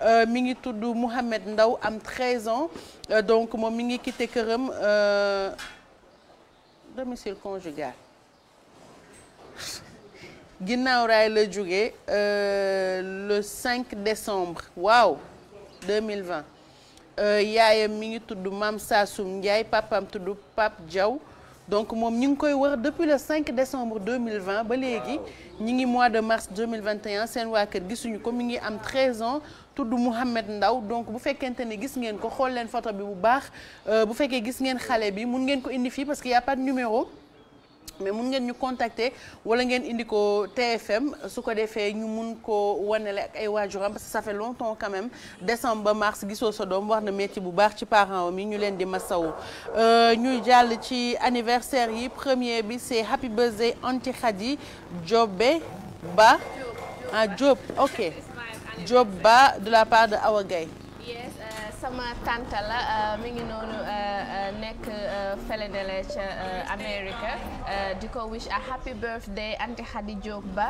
Euh, mi ngi tudd Mouhamed Ndaw am 13 ans euh, donc moom mi ngi quitté këram euh, domicile conjugal ginnaaw raay la jóge le 5 décembre waaw 2020 yaayam mi ngi tudd Mam Sassoum Ndiaye papam tudd Pape Diaw donc moom ñu ngi koy war depuis le 5 décembre 2020 ba léegi ñi ngi mois de mars 2021 seen waa kër gisuñu ko mi ngi am 13 ans tudd Mouhamed Ndaw donc bu fekkente ne gis ngeen ko xool leen foto bi bu baax euh, bu fekkee gis ngeen xale bi mun ngeen ko indi fii parce que y a pas de mais mun ngeen ñu contacter wala ngeen indi ko TFM su ko defee ñu mun ko wanele ak ay waajuram parce que ça fait longtemps quand décembre ba mars gisoo sa doom war na métti bu baax ci parent am yi ñu leen di masawu. Euh, ñuy jàll ci anniversaire yi premier bi c'est happy birthday anti Khady Diobé Ba ah Diop ok Diop Ba de la part de Awa sama tante la euh, mi ngi noonu euh, euh, nekk fële ne ca America di ko wish a happy birthday anti Khady Diop ba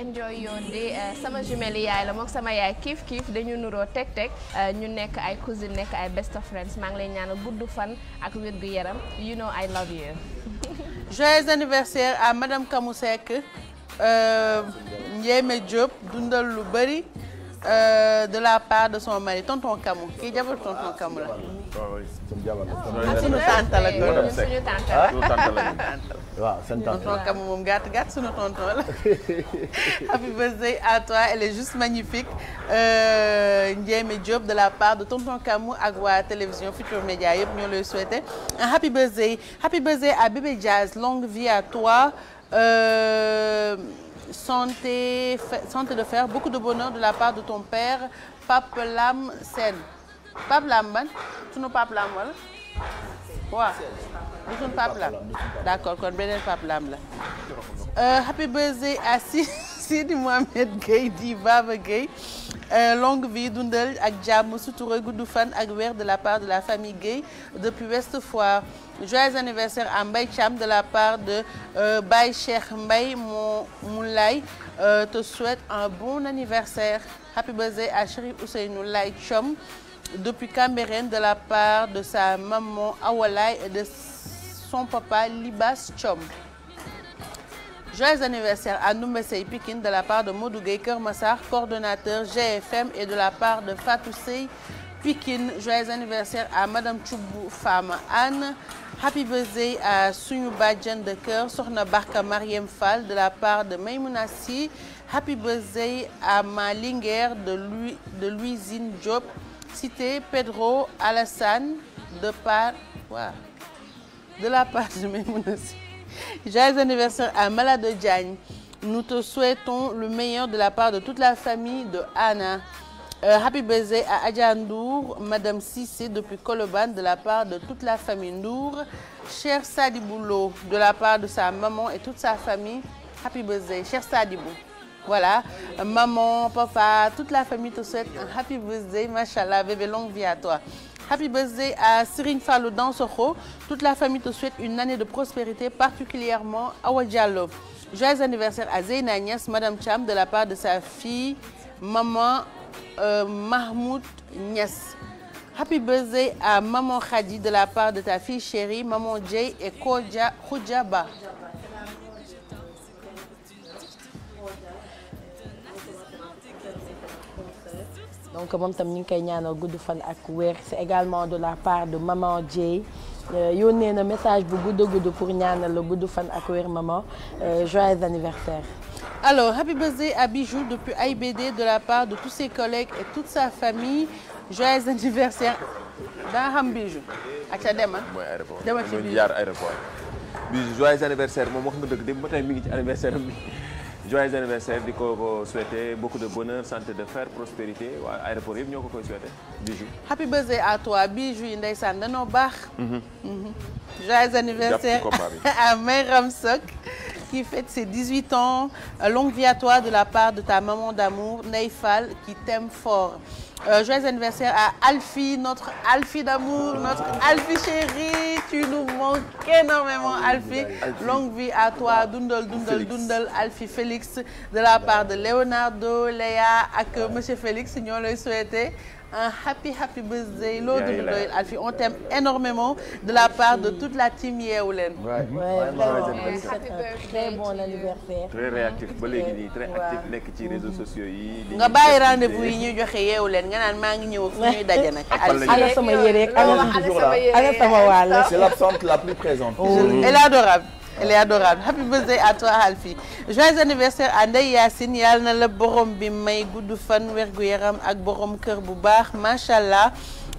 enjoy your day sama jumelle yaay la moo sama yaay kiif kiif dañu nuroo teg teg ñu nekk ay cousine nekk ay best of friends maa ngi lay ñaanal gudd fan ak wér gu yaram you know I love you. joyeux anniversaire à madame Kamou Seck Ndiémé dundal lu bari. Euh, de la part de son mari tonton Kamou kii jabar tonton Kamou la. waaw ah, oui seen jabar la. suñu tante la ko suñu tante la ah? suñu tante la. waaw seen tante tonton Kamou moom gàtt gàtt suñu tonton la. happy euh, de la part de tonton Kamou ak waa télévision Futur Média yëpp ñoo lay souhaité un happy birthday happy birthday à bébé Jazz longue vie à toi. Euh, santé, santé de fer, beaucoup de bonheur de la part de ton père, Pape Lam Sen. Pape Lam, ban sunu Pape Lam wala. waaw du sunu Pape Lam. d'accord kon beneen Pape Lam la. Euh, happy birthday à Seydi Mohamed Gueye di Baba Gueye euh, longue vie dundal ak jàmm sutura gudd fan ak weer de la part de la famille Gueye depuis West Foire joyeux anniversaire à Mbaye Thiam de la part de euh, Baye Cheikh Mbaye moo Moulay euh, te souhaite un bon anniversaire happy birthday à Chérif Ousseynou Laye Thiam depuis Cambérène de la part de sa maman Awalay et de son papa Libas Thiam Joyeux anniversaire à Noumbé Sey de la part de Modou Gueye Keur Massar, coordonnateur GFM et de la part de Fatou Sey Pikine. anniversaire à Madame Thioubou Fama Anne. Happy birthday à suñu bàjjen de cœur Soxna Barka Mariem Fall de la part de Maymouna Sy. Happy birthday à ma linguère de Louis, de Louisine Diop, cité Pedro Alassane de par, la part de Maymouna Joyeux anniversaire à Malade Diagne. Nous te souhaitons le meilleur de la part de toute la famille de Anna. Euh, happy birthday à Adja Ndour, Madame Cissé depuis Colobane de la part de toute la famille Ndour. Cher Sadiboulo de la part de sa maman et toute sa famille. Happy birthday, cher Sadibou. Voilà, euh, maman, papa, toute la famille te souhaite un happy birthday, machallah, bébé, longue vie toi. Happy birthday à Serigne Fallou Dansokho. Toute la famille te souhaite une année de prospérité, particulièrement Awa Diallo. Joyeux anniversaire à Zeyna Niass, Madame Cham, de la part de sa fille, Maman euh, Mahmoud Niass. Happy à Maman Khadi de la part de ta fille chérie, Maman Jay et Kodja Khoudjaba. donc moom tam ñu ngi koy ñaanal gudd fan ak wér c'est également de la part de maman Dieye euh, yónnee na message bu gudd gudd pour ñaanal la gudd fan ak wér maman euh, joyeux anniversaire. alors happy birthday à Bijou depuis AIBD de la part de tous ses collègues et toute sa famille joyeux anniversaire daa xam Bijou. ak sa dema ah. dema ci Bijou jaar aéroport Bijou joyeux anniversaire moom wax nga dëgg dem mi ngi ci anniversaire mi joyeux anniversaire di ko ko souhaiter de bonheur santé de fer prospérité waa aéroport yëpp ñoo ko koy souhaiter Bijou. happy birthday à toi Bijou yi ndeysaan danoo baax. Mhm. Mhm. joyeux anniversaire à Mayram Sok. qui fête ses 18 ans. Euh, longue vie à toi de la part de ta maman d'amour, Neifal, qui t'aime fort. Euh, joyeux anniversaire à Alfie, notre Alfie d'amour, notre Alfie chérie. Tu nous manques énormément, Alfie. Longue vie à toi, Dundel, Dundel, Dundel, Alfie Félix, de la part de Leonardo, Léa, ak Monsieur Félix, ñoo lay souhaité. un happy happy birthday loo dund doyul Alfi on t'aime énormément de la part de toute la team Yeewu Leen. waay très bon anniversaire. très réactif ba léegi nii très actif nekk ci réseaux sociaux yi. nga bàyyi rendez-vous yi ñuy joxe Yeewu Leen nga naan maa ngi ñëw fu ñuy daje nag. ana sama yére ak ana sama wàll. c'est l'absente la plus présente. elle est adorable. elle est adorable happy birthday à toi Alfie joyeux anniversaire à Ndeye Yacine yàlla na la borom bi may gudd fan wergu yaram ak borom kër bu baax macha allah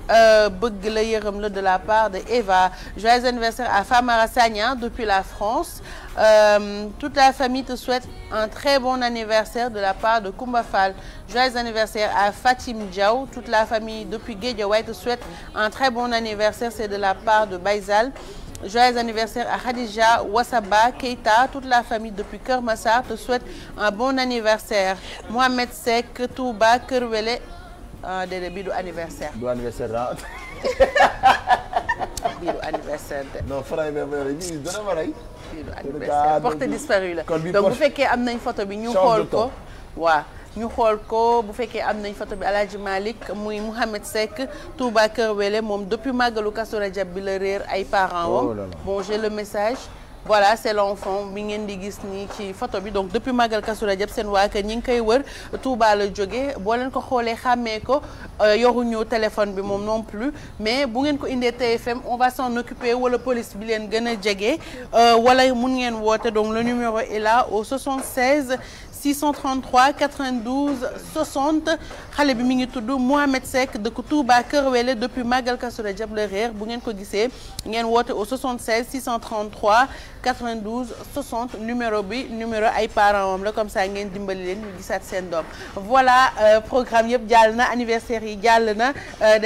euh, bëgg la yërëm la de la part de Eva joyeux anniversaire à Famara Sagna depuis la France euh, toute la famille te souhaite un très bon anniversaire de la part de Koumba Fall joyeux anniversaire à Fatim Diaw toute la famille depuis Guédiawaye te souhaite un très bon anniversaire c'est de la part de Baysal Joyeux anniversaire à Khadija Wassaba Keita. Toute la famille depuis Keur Massar te souhaite un bon anniversaire. Mohamed Seck Touba Keur Wele ah, anniversaire. du anniversaire ah. bii anniversaire de. non faray bee ma bii dana ma rey. anniversaire porte am nañ photo bi ñu xool ko bu fekkee am nañ foto bi El Hadj Malick muy Mouhamed Seck Touba Kër Wele moom depuis màggalu Kazu Rajab bi la réer ay parents wam oh bon le message voilà c'est l'enfant bi ngeen di gis nii ci photo bi donc depuis Magal Kazu Rajab seen waa kër ñi ngi koy wër Touba la jóge boo leen ko xoolee xàmmee ko euh, yoruñu téléphone bi moom non plus mais bu ngeen ko indee TFM on va s'en occuper wala police bi leen gën a jege euh, wala mun ngeen woote donc le numéro est là 633 92 60 xale bi mi ngi tudd Mohamed Seck dëkk Touba Kër Wele depuis Magal Kazu Rajab la réer bu ngeen ko gisee ngeen woote au 76 633 92 60 numéro bi numéro ay parents am la comme ça ngeen dimbali leen ñu gisaat seen doom voilà euh, programme yëpp jàll na anniversaire yi jàll na. Euh,